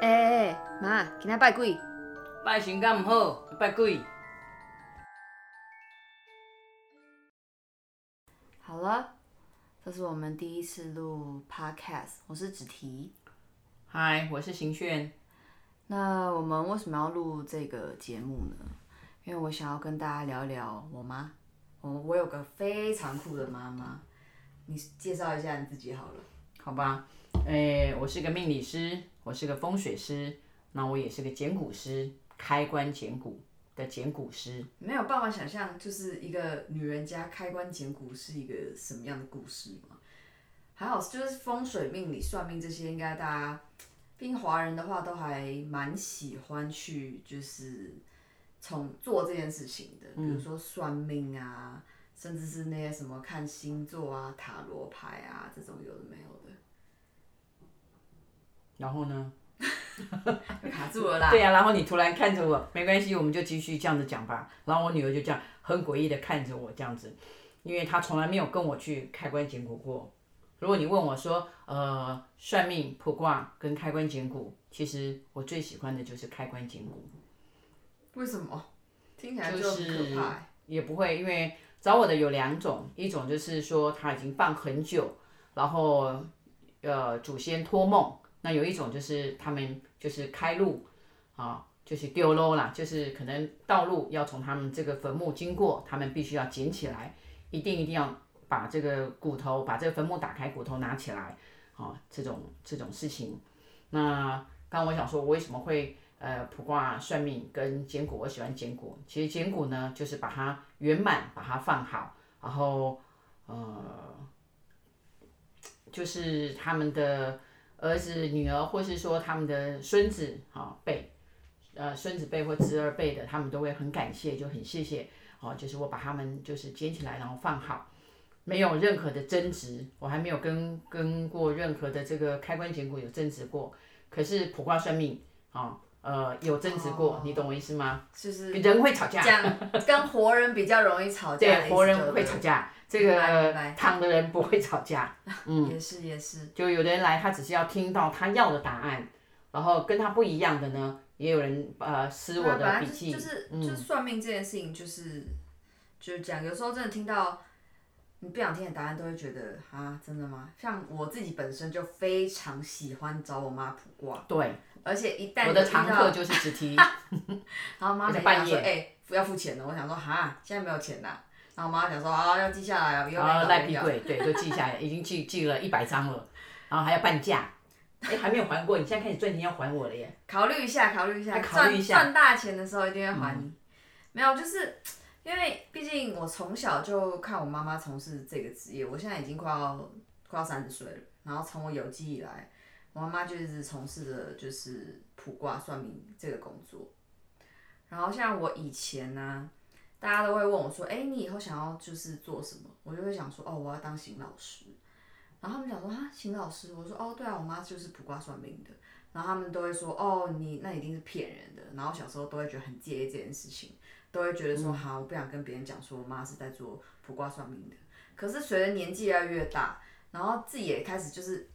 哎、欸欸，媽，今啊拜鬼？拜神干不好，拜鬼。好了，這是我們第一次錄 Podcast，我是子提，嗨，我是邢炫。那我們為什麼要錄這個節目呢？因為我想要跟大家聊聊我媽。我我有個非常酷的媽媽，你介紹一下你自己好了。好吧，哎、欸，我是個命理師。我是個風水師，那我也是個撿骨師，開棺撿骨的撿骨師，沒有辦法想象，就是一個女人家開棺撿骨是一個什麼樣的故事嗎？還好，就是風水命理算命這些，應該大家，畢竟華人的話，都還蠻喜歡去，就是從做這件事情的，比如說算命啊，嗯、甚至是那些什麼看星座啊、塔羅牌啊這種，有的沒有的。然後呢？卡住了啦。對呀、啊，然後你突然看着我，沒關係，我們就繼續這樣子講吧。然後我女兒就這樣很詭異的看着我這樣子，因為她從來沒有跟我去開棺撿骨過。如果你問我說，呃，算命、卜卦跟開棺撿骨，其實我最喜歡的就是開棺撿骨。為什麼？聽起來就是可怕？就是、也不會，因為找我的有兩種，一種就是說他已經放很久，然後呃，祖先托夢。那有一種就是他們就是開路，啊，就是丟嘍啦，就是可能道路要從他們這個墳墓經過，他們必須要撿起來，一定一定要把這個骨頭，把這個墳墓打開，骨頭拿起來，啊，這種這種事情。那剛剛我想說，我為什麼會呃卜卦算命跟撿骨？我喜歡撿骨。其實撿骨呢，就是把它圓滿，把它放好，然後呃，就是他們的。兒子、女兒，或是說他們的孫子、好、哦、輩，呃，孫子輩或侄兒輩的，他們都會很感謝，就很謝謝，好、哦，就是我把他們就是撿起來，然後放好，沒有任何的爭執，我還沒有跟跟過任何的這個開棺撿骨有爭執過，可是卜卦算命啊。哦呃，有爭執過，oh, 你懂我意思嗎？就是人會吵架，講跟活人比較容易吵架、就是。 對，活人會吵架，這個躺的人不會吵架。嗯，也是也是。就有的人來，他只是要聽到他要的答案，然後跟他不一樣的呢，也有人呃撕我的筆記。本來就是，就是，就是算命這件事情，就是，就是講，有時候真的聽到你不想聽的答案，都會覺得啊，真的嗎？像我自己本身就非常喜歡找我媽卜卦。對。而且一旦提到我的常客就是只提， 然後媽媽講說，哎 ，不、欸、要付錢了。我想說，哈，現在沒有錢了、啊、然後媽媽講說，啊、哦，要記下來哦，有賴皮鬼，對，就記下來， 已經記記了一百張了，然後還要半價，哎、欸，還沒有還過，你現在開始賺錢要還我了耶。考慮一下，考慮一下，賺賺大錢的時候一定要還你、嗯。沒有，就是因為畢竟我從小就看我媽媽從事這個職業，我現在已經快要快要三十歲了，然後從我有記憶以來。我媽媽就一直從事的就是卜卦算命這個工作，然後像我以前呢，啊，大家都會問我說，哎，你以後想要就是做什麼？我就會想說，哦，我要當邢老師。然後他們講說，啊，邢老師，我說，哦，對啊，我媽就是卜卦算命的。然後他們都會說，哦，你那一定是騙人的。然後小時候都會覺得很介意這件事情，都會覺得說，哈，我不想跟別人講說我媽是在做卜卦算命的。可是隨着年紀越來越大，然後自己也開始就是。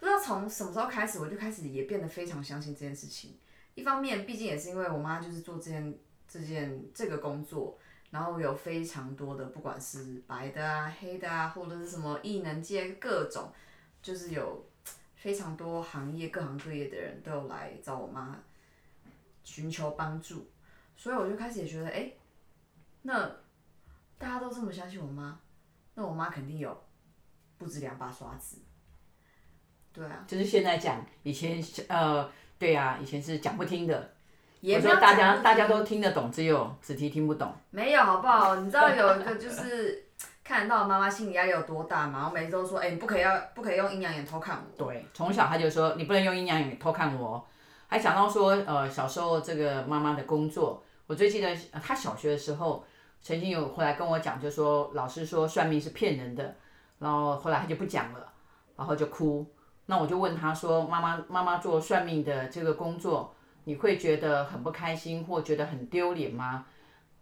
不知道從什麼時候開始，我就開始也變得非常相信這件事情。一方面，畢竟也是因為我媽就是做這件、這件、這個工作，然後有非常多的不管是白的啊、黑的啊，或者是什麼藝能界各種，就是有非常多行業、各行各業的人都有來找我媽尋求幫助，所以我就開始也覺得，哎，那大家都這麼相信我媽，那我媽肯定有不止兩把刷子。對啊，就是現在講，以前呃，對啊，以前是講不聽的。也沒有不聽我說大家大家都聽得懂，只有子提聽不懂。沒有好不好？你知道有一個就是 看到媽媽心理壓力有多大嗎？我每次都說，哎、欸，你不可以要不可以用陰陽眼偷看我。對，從小他就說你不能用陰陽眼偷看我，還講到說呃小時候這個媽媽的工作，我最記得她小學的時候曾經有回來跟我講就，就說老師說算命是騙人的，然後後來她就不講了，然後就哭。那我就問他說：“媽媽，媽媽做算命的這個工作，你會覺得很不開心或覺得很丟臉嗎？”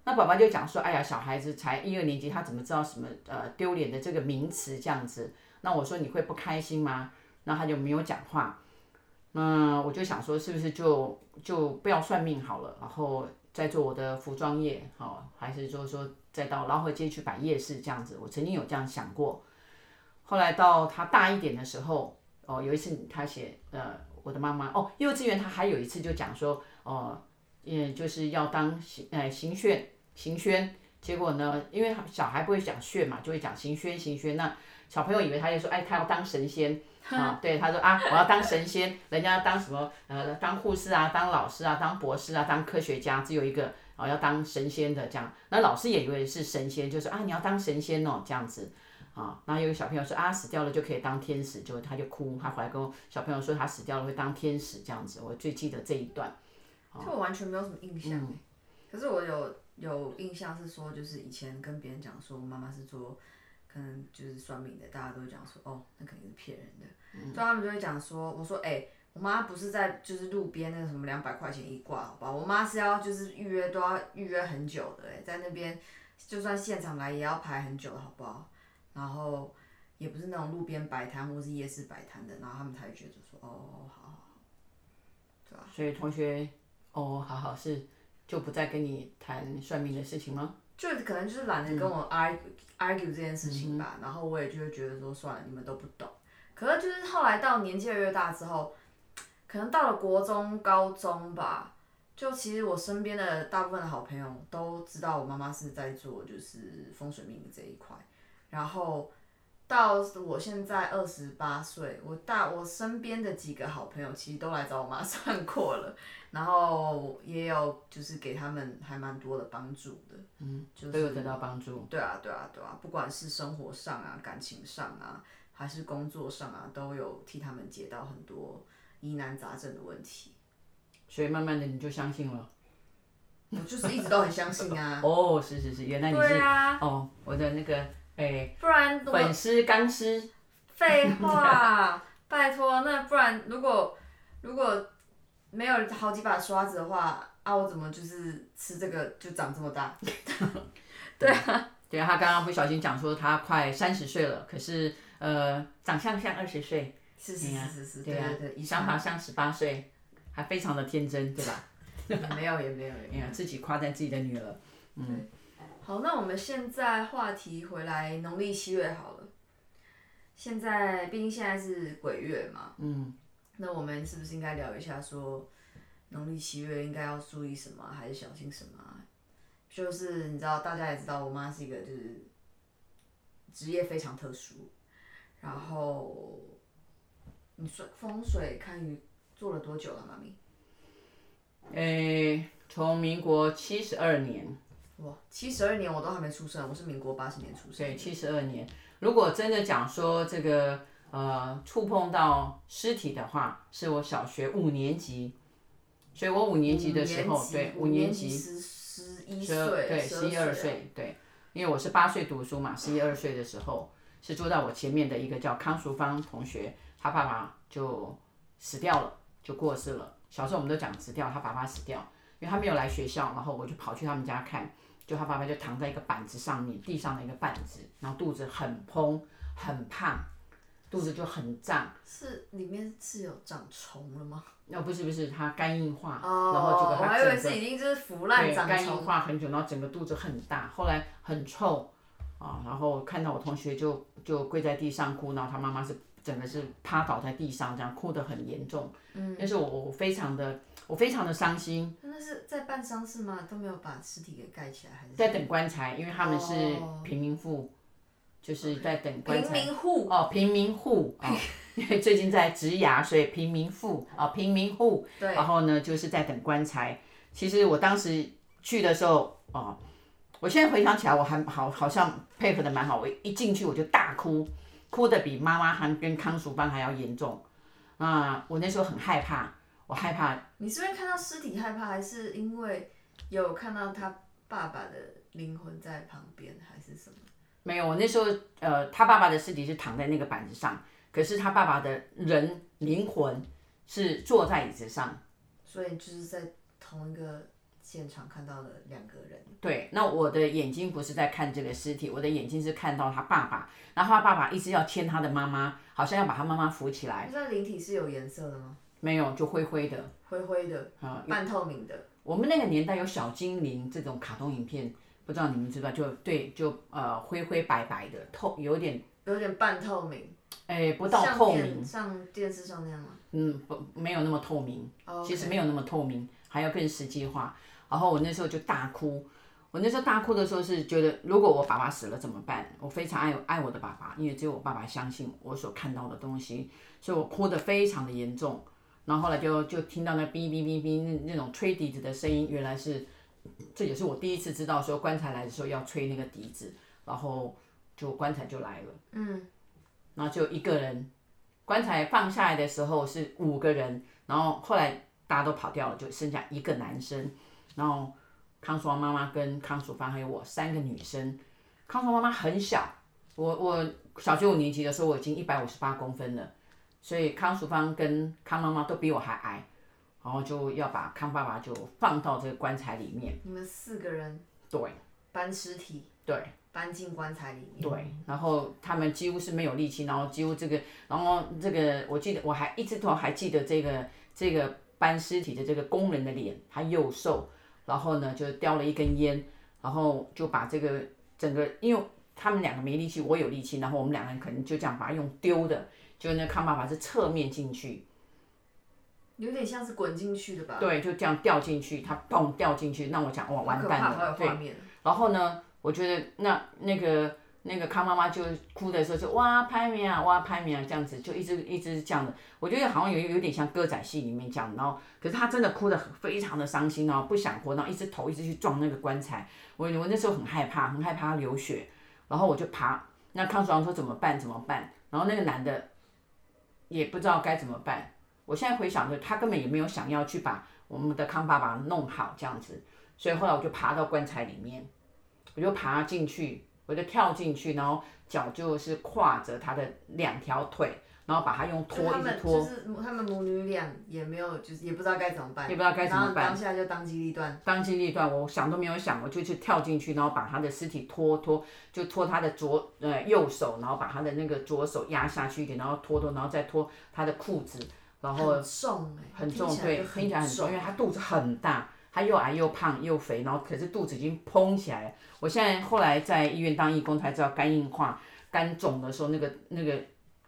那爸爸就講說：“哎呀，小孩子才一二年級，他怎麼知道什麼呃丟臉的這個名詞這樣子？”那我說：“你會不開心嗎？”那他就沒有講話。那我就想說，是不是就就不要算命好了，然後再做我的服裝業，好、哦，還是就是說再到老河街去擺夜市這樣子？我曾經有這樣想過。後來到他大一點的時候。哦，有一次他寫，呃，我的媽媽。哦，幼稚園他還有一次就講說，哦、呃，嗯，就是要當行，哎、呃，行炫、行炫。結果呢，因為小孩不會講炫嘛，就會講行炫、行炫。那小朋友以為他就說，哎，他要當神仙啊？對，他說啊，我要當神仙。人家要當什麼？呃，當護士啊，當老師啊，當博士啊，當科學家，只有一個啊，要當神仙的這樣。那老師也以為是神仙，就是、說啊，你要當神仙哦，這樣子。啊、哦，然後有個小朋友說啊，死掉了就可以當天使，就他就哭，他回來跟我小朋友說他死掉了會當天使這樣子，我最記得這一段。就、哦、我完全沒有什麼印象、嗯，可是我有有印象是說，就是以前跟別人講說我媽媽是做可能就是算命的，大家都講說哦，那肯定是騙人的、嗯，所以他們就會講說，我說哎、欸，我媽不是在就是路邊那個什麼兩百塊錢一卦，好不好？我媽是要就是預約都要預約很久的，誒，在那邊就算現場來也要排很久的，好不好？然後也不是那種路邊擺攤或是夜市擺攤的，然後他們才覺得說哦，好好好，對吧？所以同學，哦，好好是就不再跟你談算命的事情嗎？就,就可能就是懶得跟我 argue、嗯、argue 這件事情吧、嗯，然後我也就會覺得說算了，你們都不懂。可能就是後來到年紀越來越大之後，可能到了國中、高中吧，就其實我身邊的大部分的好朋友都知道我媽媽是在做就是風水命理這一塊。然後到我現在二十八歲，我大我身邊的幾個好朋友其實都來找我媽算過了，然後也有就是給他們還蠻多的幫助的，嗯，就有、是、都得到幫助，對啊對啊對啊，對啊，不管是生活上啊、感情上啊，還是工作上啊，都有替他們解到很多疑難雜症的問題。所以慢慢的你就相信了？我就是一直都很相信啊。 哦，是是是，原來你是、啊、哦，我的那個。嗯哎、欸，粉絲鋼吃。廢話，話 拜託，那不然如果如果沒有好幾把刷子的話，啊，我怎麼就是吃這個就長這麼大？ 對，對啊，對啊，他剛剛不小心講說他快三十歲了，可是呃，長相像二十歲，是是是是是，對啊，遺想、啊，好像十八歲， 還非常的天真，對吧？沒有沒有沒有， 沒有 沒有 自己誇讚自己的女兒，嗯。好，那我們現在話題回來，農曆七月好了。現在畢竟現在是鬼月嘛，嗯，那我們是不是應該聊一下說農曆七月應該要注意什麼，還是小心什麼？就是你知道，大家也知道，我媽是一個就是職業非常特殊。然後你說風水堪輿，做了多久了，媽咪？誒、欸，從民國七十二年。哇，七十二年我都還沒出生，我是民國八十年出生。對，七十二年。如果真的講說這個呃觸碰到屍體的話，是我小學五年級，所以我五年級的時候，對，五年級十一歲，對，十一二歲，對，因為我是八歲讀書嘛，十一二歲的時候是坐在我前面的一個叫康淑芳同學，他爸爸就死掉了，就過世了。小時候我們都講死掉，他爸爸死掉，因為他沒有來學校，然後我就跑去他們家看。就他爸爸就躺在一個板子上面，地上的一個板子，然後肚子很膨，很胖，肚子就很脹。是裡面是有長蟲了嗎？哦，不是不是，他肝硬化，哦，然後就把他整個我還以為是已經就是腐爛長蟲。對，肝硬化很久，然後整個肚子很大，後來很臭啊，哦，然後看到我同學就就跪在地上哭，然後他媽媽是。整個是趴倒在地上，這樣哭得很嚴重。嗯，但是我非常的我非常的我非常的傷心。真、嗯、的是在辦喪事嗎？都沒有把屍體給蓋起來，還是在等棺材？因為他們是平民戶、哦，就是在等棺材。平民戶哦，平民戶、哦、啊，因為最近在植牙，所以平民戶啊，平民戶。對。然後呢，就是在等棺材。其實我當時去的時候，哦、啊，我現在回想起來我還好，好像配合得蠻好。我一進去我就大哭。哭得比媽媽還跟康叔邦，還要嚴重，啊、嗯！我那時候很害怕，我害怕。你是不是看到屍體害怕，還是因為有看到他爸爸的靈魂在旁邊，還是什麼？沒有，我那時候，呃，他爸爸的屍體是躺在那個板子上，可是他爸爸的人靈魂是坐在椅子上，所以就是在同一個。現場看到了兩個人。對，那我的眼睛不是在看這個屍體，我的眼睛是看到他爸爸，然後他爸爸一直要牽他的媽媽，好像要把他媽媽扶起來。那靈體是有顏色的嗎？沒有，就灰灰的。灰灰的，啊，半透明的。我們那個年代有小精靈這種卡通影片，不知道你們知不知道？就對，就呃灰灰白白的，透有點，有點半透明。哎、欸，不到透明。像，像電視上那樣嗎？嗯，不，沒有那麼透明。哦、oh, okay. 其實沒有那麼透明，還要更實際化。然後我那時候就大哭，我那時候大哭的時候是覺得，如果我爸爸死了怎麼辦？我非常愛愛我的爸爸，因為只有我爸爸相信我所看到的東西，所以我哭得非常的嚴重。然後後來就就聽到那嗶嗶嗶嗶那那種吹笛子的聲音，原來是，這也是我第一次知道說棺材來的時候要吹那個笛子，然後就棺材就來了，嗯，然後就一個人，棺材放下來的時候是五個人，然後後來大家都跑掉了，就剩下一個男生。然後康淑芳媽媽跟康淑芳還有我三個女生，康淑媽媽很小，我我小學五年級的時候我已經一百五十八公分了，所以康淑芳跟康媽媽都比我還矮，然後就要把康爸爸就放到這個棺材裡面。你們四個人？對。搬屍體對？對。搬進棺材裡面，嗯。對，然後他們幾乎是沒有力氣，然後幾乎這個，然後這個我記得我還一直都還記得這個這個搬屍體的這個工人的臉，他又有瘦。然後呢，就叼了一根煙，然後就把這個整個，因為他們兩個沒力氣，我有力氣，然後我們兩個人可能就這樣把它用丟的，就是那康爸爸是側面進去，有點像是滾進去的吧？對，就這樣掉進去，他砰掉進去，那我講哇，完蛋了，對。然後呢，我覺得那那個。那個康媽媽就哭的時候，就哇拍米啊，哇拍米啊，這樣子就一直一直這樣子，我覺得好像有有點像歌仔戲裡面講，然後可是她真的哭的非常的傷心哦，然後不想活，然後一直頭一直去撞那個棺材，我我那時候很害怕，很害怕他流血，然後我就爬，那康主任說怎麼辦怎麼辦，然後那個男的也不知道該怎麼辦，我現在回想着他根本也沒有想要去把我們的康爸爸弄好這樣子，所以後來我就爬到棺材裡面，我就爬進去。我就跳進去，然後腳就是跨着他的兩條腿，然後把他用拖一直拖。就是他們母女倆也沒有，就是也不知道該怎麼辦，也不知道該怎麼辦。然後當下就當機立斷。當機立斷，我想都沒有想，我就去跳進去，然後把他的屍體拖拖，就拖他的左呃右手，然後把他的那個左手壓下去一點，然後拖拖，然後再拖他的褲子，然後拖，然後再拖他的褲子，然後。很重欸，很重，對，對，很重，聽起來很重，因為他肚子很大，他又矮又胖又肥，然後可是肚子已經膨起來了。我現在後來在醫院當義工才知道，肝硬化、肝腫的時候，那個那個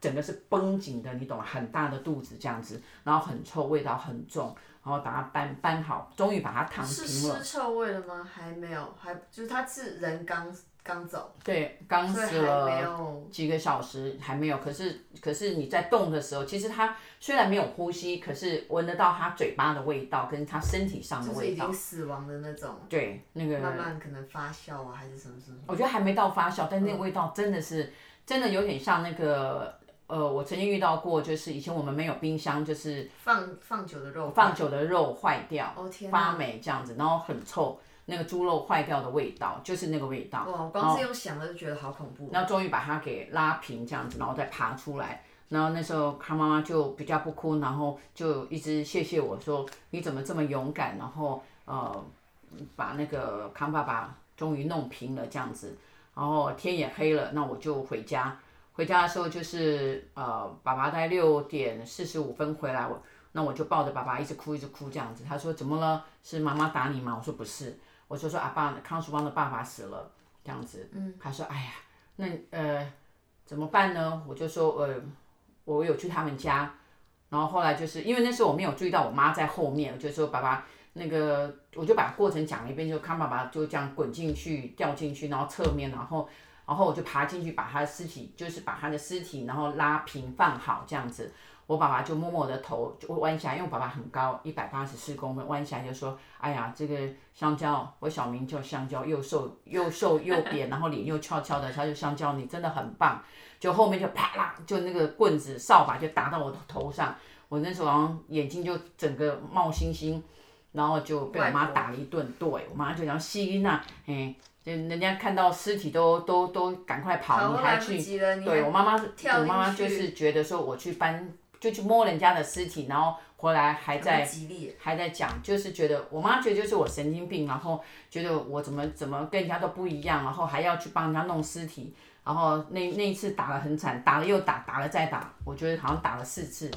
整個是繃緊的，你懂嗎？很大的肚子這樣子，然後很臭，味道很重，然後把它搬搬好，終於把它躺平了。是屍臭味了嗎？還沒有，還就是它是人剛。剛走，對，剛死了幾個小時還沒有，可是可是你在動的時候，其實它雖然沒有呼吸，可是聞得到它嘴巴的味道跟它身體上的味道。就是已經死亡的那種。對，那個慢慢可能發酵啊，還是什麼什麼，什麼。我覺得還沒到發酵，但那個味道真的是，嗯，真的有點像那個呃，我曾經遇到過，就是以前我們沒有冰箱，就是放放久的肉，放久的肉壞掉，哦，天哪，發霉這樣子，然後很臭。那個豬肉壞掉的味道，就是那個味道。哇、哦，光是用想了就覺得好恐怖哦。然後那終於把它給拉平這樣子，然後再爬出來。然後那時候康媽媽就比較不哭，然後就一直謝謝我說你怎麼這麼勇敢。然後呃把那個康爸爸終於弄平了這樣子。然後天也黑了，那我就回家。回家的時候就是呃爸爸在六點四十五分回來，我那我就抱着爸爸一直哭一直哭這樣子。他說怎麼了？是媽媽打你嗎？我說不是。我就說阿爸，康淑芳的爸爸死了，這樣子。他說哎呀，那呃怎麼辦呢？我就說呃，我有去他們家，然後後來就是因為那時候我沒有注意到我媽在後面，我就說爸爸那個，我就把過程講了一遍，就康爸爸就這樣滾進去掉進去，然後側面，然後然後我就爬進去把他的屍體，就是把他的屍體然後拉平放好這樣子。我爸爸就摸摸我的頭，就彎下，因為我爸爸很高，一百八十四公分，彎下來就說：“哎呀，這個香蕉，我小名叫香蕉，又瘦又瘦又扁，然後臉又翹翹的，他就香蕉，你真的很棒。”就後面就啪啦，就那個棍子掃把就打到我的頭上，我那時候眼睛就整個冒星星，然後就被我媽打了一頓。對我媽就講：“細音吶，嘿、哎，就人家看到屍體都都都趕快跑，你還去？對我媽媽，我媽媽就是覺得說我去搬。”就去摸人家的屍體，然後回來還在還在講，就是覺得我媽覺得就是我神經病，然後覺得我怎麼怎麼跟人家都不一樣，然後還要去幫人家弄屍體，然後那那一次打了很慘，打了又打，打了再打，我覺得好像打了四次，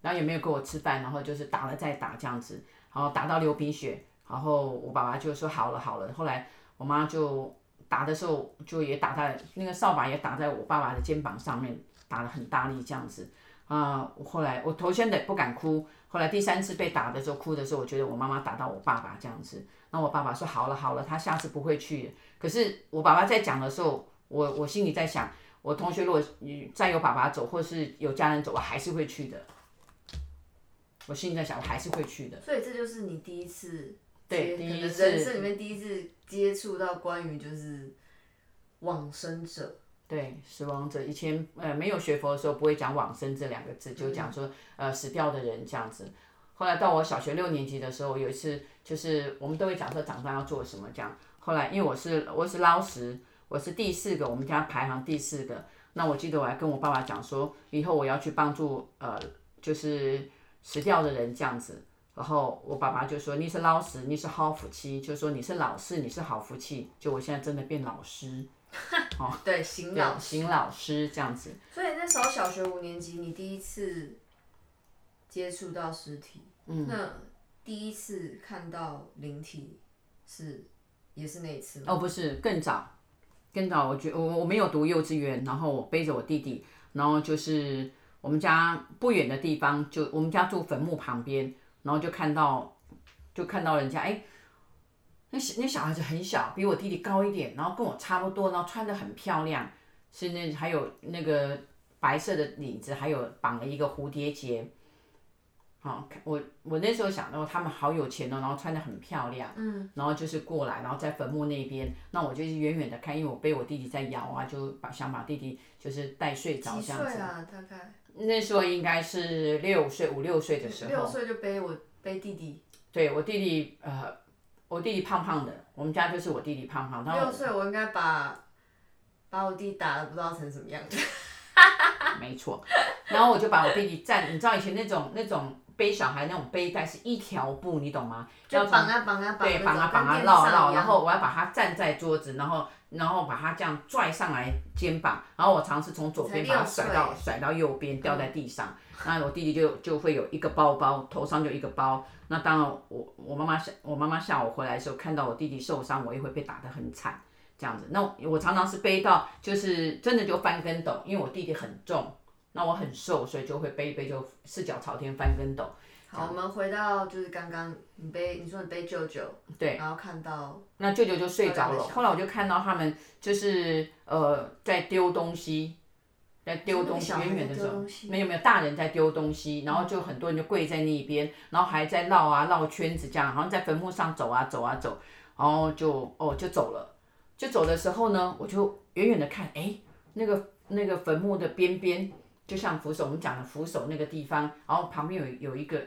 然後也沒有給我吃飯，然後就是打了再打這樣子，然後打到流鼻血，然後我爸爸就說好了好了。後來我媽就打的時候就也打在那個掃把也打在我爸爸的肩膀上面，打了很大力這樣子。啊、嗯！我後來我頭先得不敢哭，後來第三次被打的時候哭的時候，我覺得我媽媽打到我爸爸這樣子。那我爸爸說：“好了好了，他下次不會去。”可是我爸爸在講的時候，我我心裡在想：我同學如果再有爸爸走，或是有家人走，我還是會去的。我心裡在想，我還是會去的。所以這就是你第一次，對，你的人生裡面第一次接觸到關於就是往生者。對，死亡者以前呃沒有學佛的時候不會講往生這兩個字，就講說呃死掉的人這樣子。後來到我小學六年級的時候，有一次就是我們都會講說長大要做什麼這樣。後來因為我是我是老師，我是第四個，我們家排行第四個。那我記得我還跟我爸爸講說，以後我要去幫助呃就是死掉的人這樣子。然後我爸爸就說，你是老師你是好福氣，就是說你是老師，你是好福氣。就我現在真的變老師。 哦，對，邢老邢老師這樣子。所以那時候小學五年級，你第一次接觸到屍體，嗯，那第一次看到靈體是也是那一次嗎？哦，不是，更早，更早。我覺得我我沒有讀幼稚園，然後我背着我弟弟，然後就是我們家不遠的地方，就我們家住墳墓旁邊，然後就看到，就看到人家哎。欸那小那小孩子很小，比我弟弟高一點，然後跟我差不多，然後穿的很漂亮，是那還有那個白色的領子，還有綁了一個蝴蝶結，好，我我那時候想到他們好有錢哦，然後穿的很漂亮，嗯，然後就是過來，然後在墳墓那邊，嗯、那我就遠遠的看，因為我背我弟弟在搖啊，就把想把弟弟就是帶睡着這樣子，七歲啊大概，那時候應該是六歲五六歲的時候，六歲就背我背弟弟，對我弟弟呃。我弟弟胖胖的，我們家就是我弟弟胖胖。六歲，我應該把，把我弟打的不知道成什麼樣子。哈哈哈沒錯，然後我就把我弟弟站，你知道以前那種那種背小孩那種背帶是一條布，你懂嗎？就綁啊綁啊綁啊綁啊，繞繞，然後我要把他站在桌子，然後。然後把他這樣拽上來肩膀，然後我嘗試從左邊把他甩到甩到右邊掉在地上。嗯，那我弟弟就就會有一個包包，頭上就一個包。那當然我我媽媽下我媽媽下午回來的時候看到我弟弟受傷，我也會被打得很慘，這樣子。那我，我常常是背到就是真的就翻跟斗，因為我弟弟很重，那我很瘦，所以就會背一背就四腳朝天翻跟斗。好，我們回到就是剛剛你背，你說你背舅舅，對，然後看到那舅舅就睡着了。後來我就看到他們就是呃在丟東西，在丟東西，東西，遠遠的走，沒有沒有，大人在丟東西，然後就很多人就跪在那邊，嗯，然後還在繞啊繞圈子，這樣，好像在墳墓上走啊走啊走，然後就哦就走了，就走的時候呢，我就遠遠的看，哎，那個那個墳墓的邊邊，就像扶手，我們講的扶手那個地方，然後旁邊有有一個。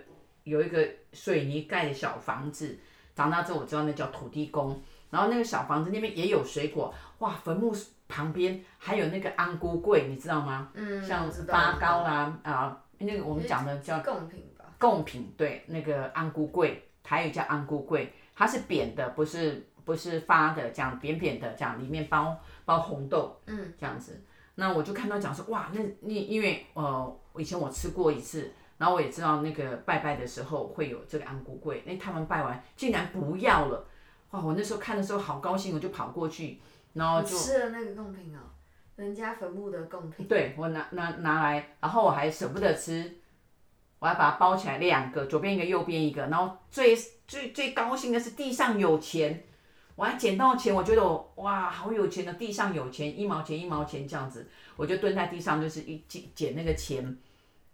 有一個水泥蓋的小房子，長大之後我知道那叫土地公，然後那個小房子那邊也有水果，哇，墳墓旁邊還有那個安孤粿，你知道嗎？嗯，像是發糕啦啊，嗯、呃，那個我們講的叫供品吧。供品對，那個安孤粿，台語叫安孤粿，它是扁的，不是不是發的，這樣扁扁的，這樣裡面包包紅豆，嗯，這樣子。那我就看到講說，哇，那那因為呃，以前我吃過一次。然後我也知道那個拜拜的時候會有這個紅龜粿，那他們拜完竟然不要了，哇！我那時候看的時候好高興，我就跑過去，然後就吃了那個供品哦，人家墳墓的供品。對，我拿拿拿來，然後我還捨不得吃，我還把它包起來兩個，左邊一個，右邊一個，然後最最最高興的是地上有錢，我還撿到錢，我覺得我哇好有錢的，地上有錢，一毛錢一毛錢，一毛錢這樣子，我就蹲在地上就是一撿撿那個錢。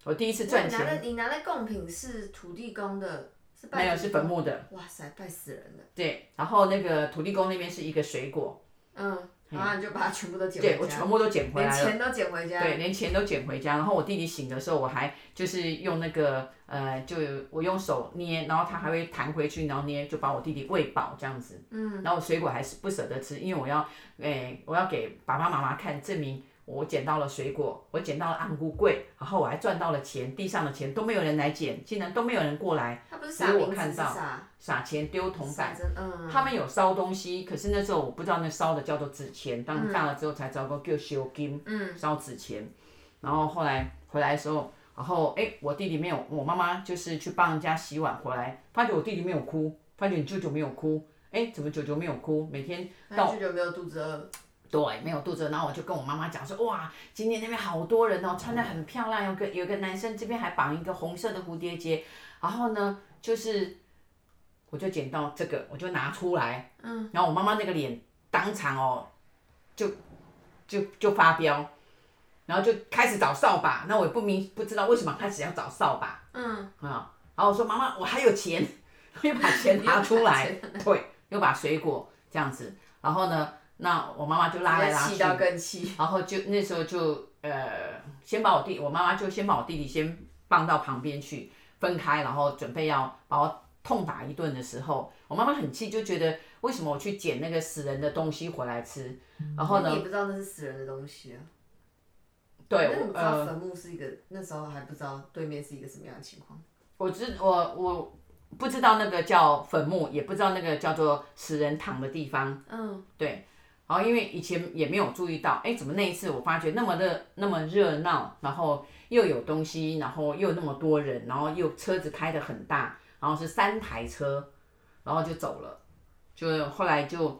我第一次賺錢拿的。你拿的貢品是土地公的，公沒有是墳墓的。哇塞，拜死人的。對，然後那個土地公那邊是一個水果。嗯。然後、啊、你就把它全部都撿、嗯。對，我全部都撿回來。連錢都撿回家。對，連錢都撿回家。然後我弟弟醒的時候，我還就是用那個呃，就我用手捏，然後它還會彈回去，然後捏就把我弟弟餵飽這樣子。嗯。然後水果還是不捨得吃，因為我要誒、欸，我要給爸爸媽媽看，證明。我撿到了水果，我撿到了暗菇櫃，然後我還賺到了錢，地上的錢都沒有人來撿，竟然都沒有人過來。他不是撒我看到西撒，撒錢丟銅板、嗯。他們有燒東西，可是那時候我不知道那燒的叫做紙錢，當炸了之後才知道叫燒金。燒、嗯、紙錢。然後後來回來的時候，然後哎、欸，我弟弟沒有，我媽媽就是去幫人家洗碗回來，發覺我弟弟沒有哭，發覺你舅舅沒有哭，哎、欸，怎麼舅舅沒有哭？每天到舅舅沒有肚子餓。對，沒有肚子，然後我就跟我媽媽講說，哇，今天那邊好多人哦，穿得很漂亮，有個有個男生這邊還綁一個紅色的蝴蝶結，然後呢，就是我就撿到這個，我就拿出來，嗯，然後我媽媽那個臉當場哦，就就就，就發飆，然後就開始找掃把，那我也不明不知道為什麼開始要找掃把，嗯，啊，嗯，然後我說媽媽，我還有錢，又把錢拿出來，對，又把水果這樣子，然後呢。那我媽媽就拉來拉去，然後就那時候就呃，先把我弟，我媽媽就先把我弟弟先放到旁邊去分開，然後準備要把我痛打一頓的時候，我媽媽很氣，就覺得為什麼我去撿那個死人的東西回來吃？然後呢，你也不知道那是死人的東西啊，對，我不知道墳墓是一個，那時候還不知道對面是一個什麼樣的情況。我知我我不知道那個叫墳墓，也不知道那個叫做死人躺的地方。嗯，對。然後因為以前也沒有注意到，哎，怎麼那一次我發覺那麼的那麼熱鬧，然後又有東西，然後又那麼多人，然後又車子開得很大，然後是三台車，然後就走了，就後來就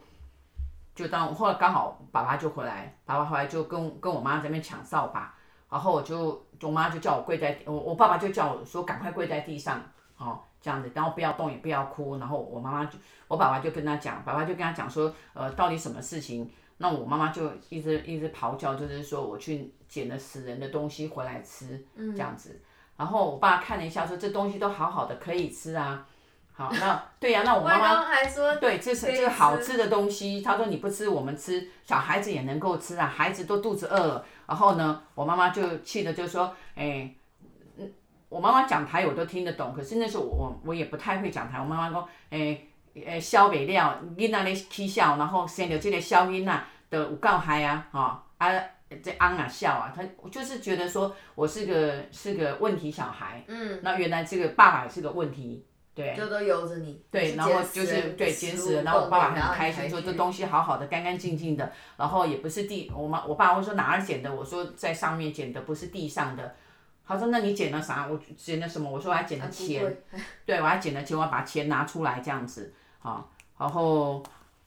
就當，後來剛好爸爸就回來，爸爸回來就跟我跟我媽在那邊搶掃把，然後我就我媽就叫我跪在，我我爸爸就叫我說趕快跪在地上，好、哦。這樣子，然後不要動，也不要哭。然後我媽媽就，我爸爸就跟他講，爸爸就跟他講說，呃，到底什麼事情？那我媽媽就一直一直咆哮，就是說我去撿了死人的東西回來吃，嗯，這樣子、嗯。然後我爸看了一下說，說這東西都好好的，可以吃啊。好，那對呀、啊，那我媽媽 對，這是這個、就是、好吃的東西。他說你不吃，我們吃，小孩子也能夠吃啊，孩子都肚子餓了。然後呢，我媽媽就氣得就說，哎、欸。我媽媽講台我都聽得懂，可是那時候我我也不太會講台。我媽媽說，誒、欸、誒，笑未了，囡仔咧踢笑，然後生了這個笑囡吶的五告嗨啊，吼、哦、啊這昂啊笑啊，她就是覺得說我是個是個問題小孩。嗯。那原來這個爸爸也是個問題。對。就都由着你，你。對，然後就是對撿拾，然後我爸爸很開心，說這東西好好的，干干淨淨的，然後也不是地，我媽我爸會說哪兒撿的？我說在上面撿的，不是地上的。他說：“那你撿了啥？我撿了什麼？”我說：“還撿了錢，啊、 對我還撿了錢，我要把錢拿出來這樣子。”好，然後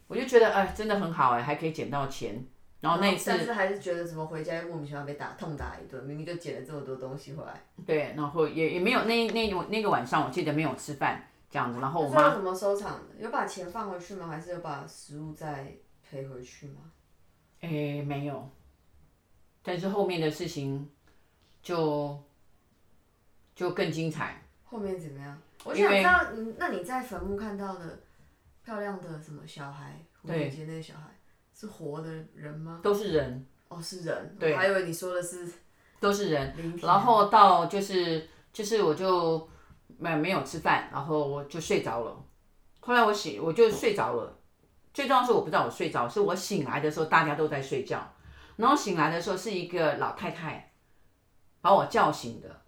我就覺得哎，真的很好哎，還可以撿到錢。然後那一次、哦、但是還是覺得怎麼回家又莫名其妙被打，痛打一頓，明明就撿了這麼多東西回來。對，然後也也沒有那那那個晚上，我記得沒有吃飯這樣子。然後怎麼收場的？有把錢放回去嗎？還是有把食物再賠回去嗎？誒，沒有。但是後面的事情。就就更精彩。後面怎麼樣？我想知道，那你在墳墓看到的漂亮的什麼小孩？墳前那個小孩是活的人嗎？都是人。哦，是人。對，我還以為你說的是都是人。然後到就是就是我就沒沒有吃飯，然後我就睡着了。後來我醒，我就睡着了。最重要的是我不知道我睡着，是我醒來的時候大家都在睡覺，然後醒來的時候是一個老太太把我叫醒的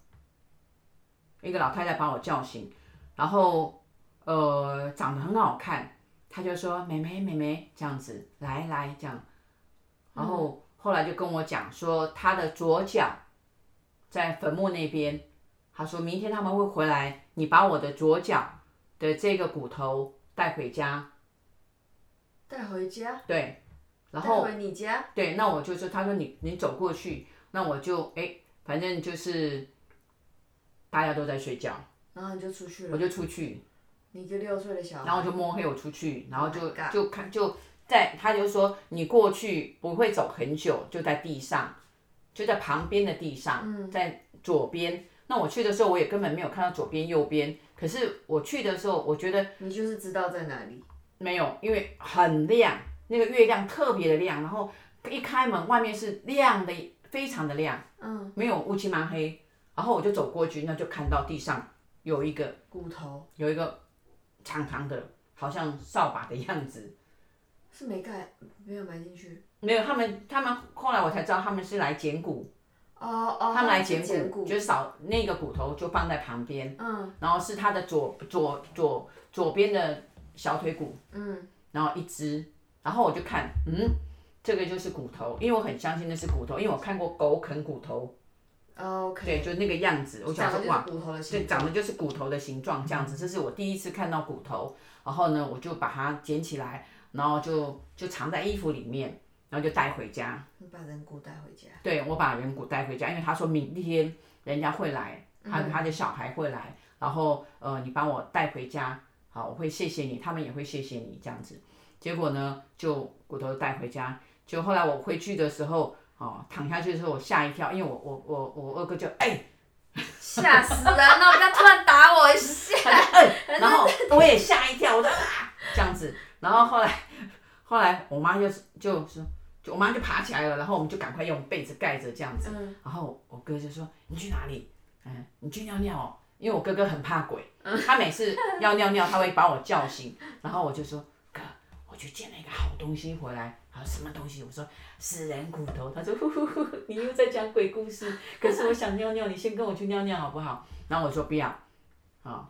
一個老太太把我叫醒，然後呃長得很好看，她就說妹妹妹妹，這樣子，來來這樣，然後後來就跟我講說，她的左腳在墳墓那邊，她說明天他們會回來，你把我的左腳的這個骨頭帶回家，帶回家對，然後帶回你家對。那我就說，她說你你走過去，那我就哎。誒反正就是大家都在睡覺，然後你就出去了，我就出去。嗯、你就六歲的小孩，然後就摸黑我出去，然後就、oh、就看就在，他就說你過去不會走很久，就在地上，就在旁邊的地上，嗯、在左邊。那我去的時候，我也根本沒有看到左邊右邊。可是我去的時候，我覺得你就是知道在哪裡，沒有，因為很亮，那個月亮特別的亮，然後一開門外面是亮的。非常的亮，嗯，沒有烏漆麻黑。然後我就走過去，那就看到地上有一個骨頭，有一個長長的，好像掃把的樣子。是沒蓋，沒有埋進去。沒有，他們他們後來我才知道他們是來撿骨。哦哦。他們來撿骨，骨，就是掃那個骨頭就放在旁邊。嗯。然後是他的左左左左邊的小腿骨。嗯。然後一隻，然後我就看，嗯。這個就是骨頭，因為我很相信那是骨頭，因為我看過狗啃骨頭，okay，對，就那個樣子。我想說，哇，對，長得就是骨頭的形狀，的形狀這樣子。這是我第一次看到骨頭，然後呢，我就把它撿起來，然後就就藏在衣服裡面，然後就帶回家。你把人骨帶回家？對，我把人骨帶回家，因為他說明天人家會來，他他的小孩會來，然後呃，你幫我帶回家，好，我會謝謝你，他們也會謝謝你，這樣子。結果呢，就骨頭就帶回家。就後來我回去的時候，哦，躺下去的時候我嚇一跳，因為我我我我二哥就哎，嚇、欸、死了！ 那他突然打我一下，欸、然後 我也嚇一跳，我說啊這樣子，然後後來後來我媽就就說，就我媽就爬起來了，然後我們就趕快用被子蓋着這樣子，嗯、然後我哥就說，你去哪裡？嗯，你去尿尿，哦，因為我哥哥很怕鬼，嗯、他每次要尿尿 他會把我叫醒，然後我就說哥，我去撿了一個好東西回來。說什麼東西？我說死人骨頭。他說呼呼呼，你又在講鬼故事。可是我想尿尿，你先跟我去尿尿好不好？然後我說不要，啊、哦，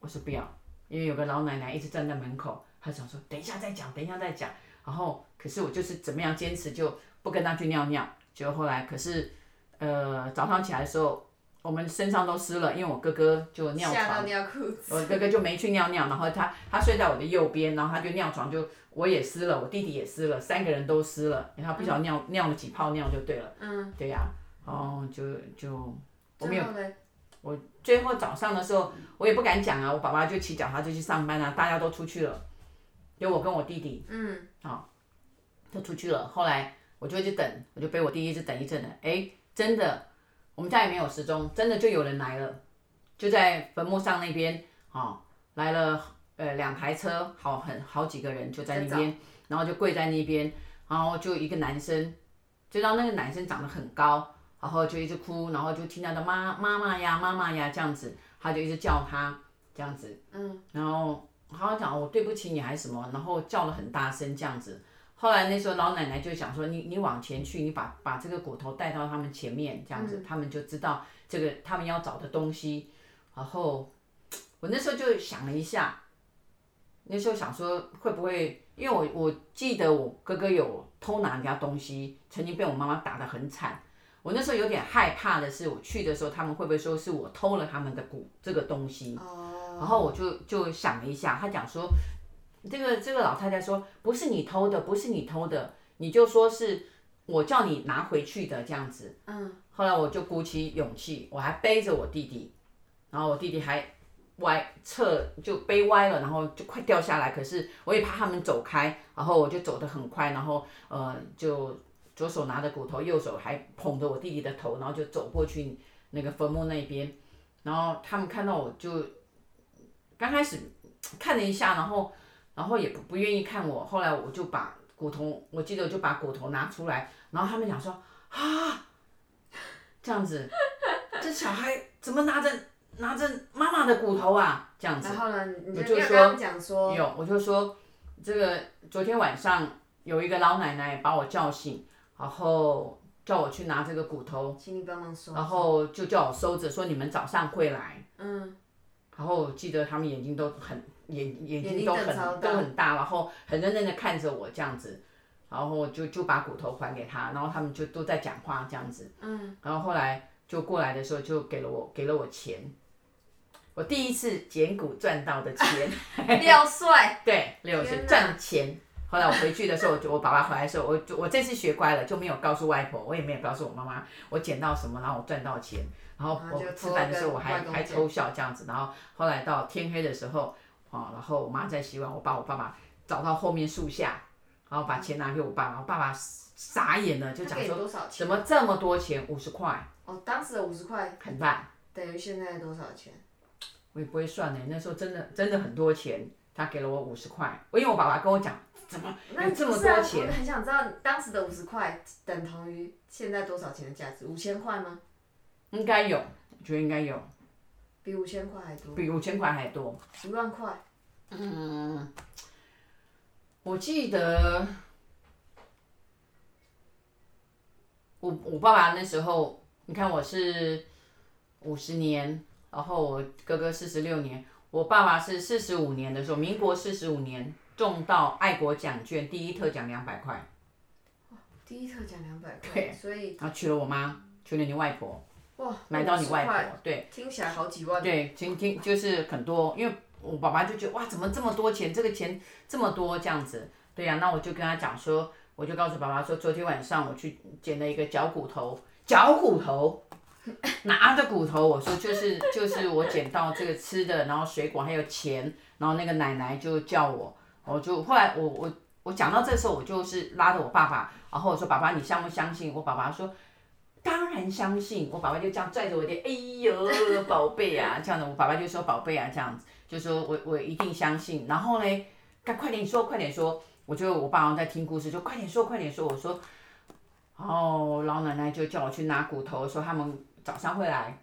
我說不要，因為有個老奶奶一直站在門口，她想說等一下再講，等一下再講。然後可是我就是怎麼樣堅持就不跟她去尿尿。結果後來可是，呃，早上起來的時候。我們身上都濕了，因為我哥哥就尿床，嚇到尿褲 我哥哥就沒去尿尿，然後他他睡在我的右邊，然後他就尿床，就我也濕了，我弟弟也濕了，三個人都濕了，然後不小心尿、嗯、尿了幾泡尿就對了，嗯，對呀、啊，然、哦、後就就我沒有，我最後早上的時候我也不敢講啊，我爸爸就騎腳踏就去上班啊，大家都出去了，有我跟我弟弟，嗯，好、哦，他出去了，後來我就去等，我就背我弟弟一直等一陣子，哎，真的。我們家也沒有失蹤，真的就有人來了，就在墳墓上那邊哦，來了，呃、兩台車，好很好幾個人就在那邊，然後就跪在那邊，然後就一個男生，就讓那個男生長得很高，然後就一直哭，然後就聽到的媽，媽媽呀媽媽呀這樣子，他就一直叫他這樣子，嗯，然後好像講我、哦、對不起你還是什麼，然後叫了很大聲這樣子。後來那時候，老奶奶就想說你：“你你往前去，你把把這個骨頭帶到他們前面，這樣子，嗯、他們就知道這個他們要找的東西。”然後我那時候就想了一下，那時候想說會不會，因為我我記得我哥哥有偷拿人家東西，曾經被我媽媽打得很慘。我那時候有點害怕的是，我去的時候他們會不會說是我偷了他們的骨這個東西？哦、然後我就就想了一下，他講說。這個這個老太太說：“不是你偷的，不是你偷的，你就說是我叫你拿回去的這樣子。”嗯，後來我就鼓起勇氣，我還背着我弟弟，然後我弟弟還歪側就背歪了，然後就快掉下來。可是我也怕他們走開，然後我就走得很快，然後呃，就左手拿着骨頭，右手還捧着我弟弟的頭，然後就走過去那個墳墓那邊。然後他們看到我就剛開始看了一下，然後。然後也不不願意看我，後來我就把骨頭，我記得我就把骨頭拿出來，然後他們講說啊，這樣子，這小孩怎麼拿着拿着媽媽的骨頭啊？這樣子。然後呢，你就跟他們講說，我就說。有，我就說這個昨天晚上有一個老奶奶把我叫醒，然後叫我去拿這個骨頭，請你幫忙收。然後就叫我收着，說你們早上會來。嗯。然後我記得他們眼睛都很。眼眼睛都很睛都很大，然後很認真的看着我這樣子，然後就就把骨頭還給他，然後他們就都在講話這樣子，嗯，然後後來就過來的時候就給了我給了我錢，我第一次撿骨賺到的錢，啊、六歲， 對，六歲賺錢。後來我回去的時候，我就我爸爸回來的時候 我就我這次學乖了，就沒有告訴外婆，我也沒有告訴我媽媽，我撿到什麼，然後我賺到錢，然後我吃飯的時候我還、啊、偷還,還偷笑這樣子，然後後來到天黑的時候。哦，然後我媽在洗碗，我把我爸爸找到後面樹下，然後把錢拿給我爸，然後爸爸傻眼了，就講說，怎麼這麼多錢？五十塊。哦，當時的五十塊。很大。等於現在多少錢？我也不會算呢，那時候真的真的很多錢，他給了我五十塊，因為我爸爸跟我講，怎麼有這麼多錢？啊，我很想知道當時的五十塊等同於現在多少錢的價值？五千塊嗎？應該有，我覺得應該有。比五千塊還多，比五千塊還多，五萬塊。嗯，我記得我我爸爸那時候，你看我是五十年，然後我哥哥四十六年，我爸爸是四十五年的時候，民國四十五年中到愛國獎券第一特獎兩百塊。第一特獎兩百塊，所以。然後娶了我媽、嗯，娶了你外婆。買到你外婆對，聽起來好幾萬對，聽聽就是很多，因為我爸爸就覺得哇，怎麼這麼多錢？這個錢這麼多這樣子，對呀、啊，那我就跟他講說，我就告訴爸爸說，昨天晚上我去撿了一個腳骨頭，腳骨頭拿着骨頭，我說就是就是我撿到這個吃的，然後水果還有錢，然後那個奶奶就叫我，我就後來我我我講到這時候，我就是拉着我爸爸，然後我說爸爸，你相不相信？我爸爸說。當然相信，我爸爸就這樣拽着我的，哎呦，寶貝啊，這樣的，我爸爸就說寶貝啊，這樣子，就說我我一定相信。然後呢，趕快點說，快點說，我就我爸爸在聽故事，就快點說，快點說。我說，然後老奶奶就叫我去拿骨頭，說他們早上會來。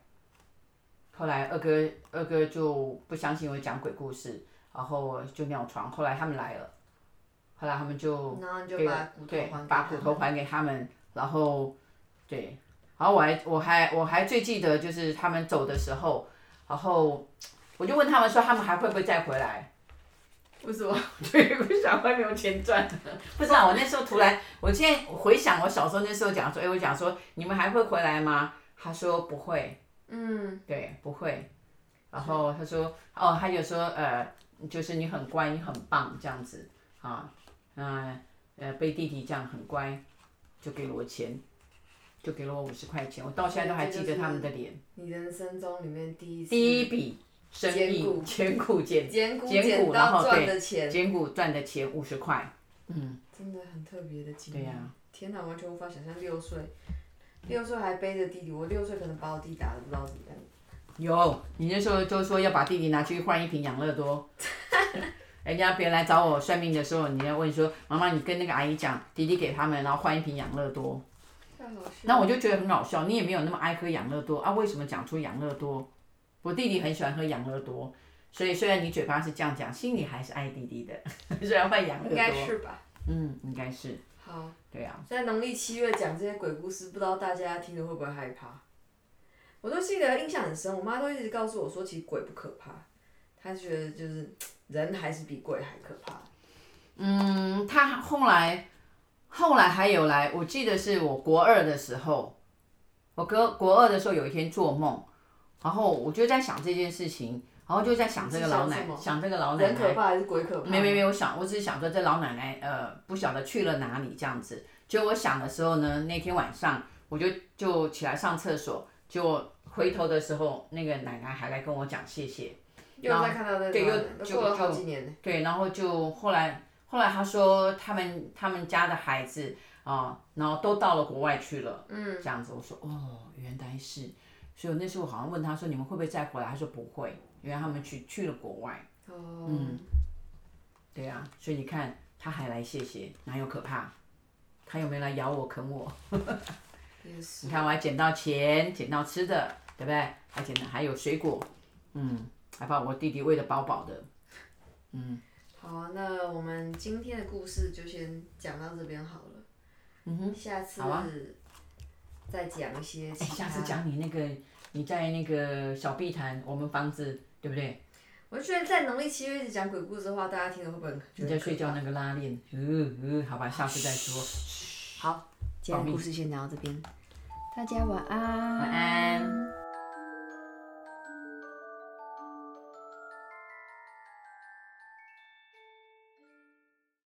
後來二哥二哥就不相信我講鬼故事，然後就尿床。後來他們來了，後來他們就，然後就把把骨頭還給他們，他們他們然後，對。然後我還我還我還最記得就是他們走的時候，然後我就問他們說，他們還會不會再回來？為什麼？對，不想還沒有錢賺呢。不是、啊，我那時候突然，我現在回想我小時候那時候講說，哎、欸，我講說，你們還會回來嗎？他說不會。嗯。對，不會。然後他說，哦，他就說，呃，就是你很乖，你很棒這樣子啊，嗯呃，呃，被弟弟這樣很乖，就給我錢。就給了我五十塊錢，我到現在都還記得他們的臉。你的人生中裡面第一第一筆生意，撿骨撿、撿骨，然後賺的錢，撿骨賺的錢五十塊。嗯，真的很特別的經歷。對呀，啊，天哪，完全無法想象六歲，六歲還背着弟弟，我六歲可能把我弟打得不知道怎麼樣。有，你那時候就說要把弟弟拿去換一瓶養樂多。 人家別人來找我算命的時候，你就問說媽媽，你跟那個阿姨講，弟弟給他們，然後換一瓶養樂多。那我就覺得很搞笑，你也沒有那麼愛喝養樂多啊？為什麼講出養樂多？我弟弟很喜歡喝養樂多，所以雖然你嘴巴是這樣講，心裡還是愛弟弟的，雖然會養樂多？應該是吧？嗯，應該是。好。對啊，在農曆七月講這些鬼故事，不知道大家聽着會不會害怕？我都記得印象很深，我媽都一直告訴我說，其實鬼不可怕，她覺得就是人還是比鬼還可怕。嗯，她後來。後來還有來，我記得是我國二的時候，我哥國二的時候有一天做夢，然後我就在想這件事情，然後就在想這個老奶奶，想這個老奶奶，人可怕還是鬼可怕？沒沒沒，我想我只是想說這老奶奶呃不曉得去了哪裡這樣子。就我想的時候呢，那天晚上我就就起來上廁所，就回頭的時候，那個奶奶還來跟我講謝謝，然後又在看到那個老奶對，就過好幾年對，然後就後來。後來他說他們他們家的孩子啊、哦，然後都到了國外去了，嗯，這樣子，我說哦，原來是，所以我那時候好像問他說你們會不會再回來？他說不會。原來他們去去了國外、哦，嗯，對啊。所以你看他還來謝謝，哪有可怕？他又沒有來咬我啃我，哈 哈，你看我還撿到錢，撿到吃的，對不對？還撿到還有水果，嗯，還把我弟弟餵得飽飽的，嗯。好、啊，那我們今天的故事就先講到這邊好了。嗯哼。下次再講一些、啊。下次講你那個，你在那個小碧潭，我們房子，對不對？我覺得在農曆七月一直講鬼故事的話，大家聽了會不會覺得？你在睡覺那個拉鏈，嗯嗯，好吧，下次再說。噓噓。好，今天的故事先聊到這邊，大家晚安。晚安。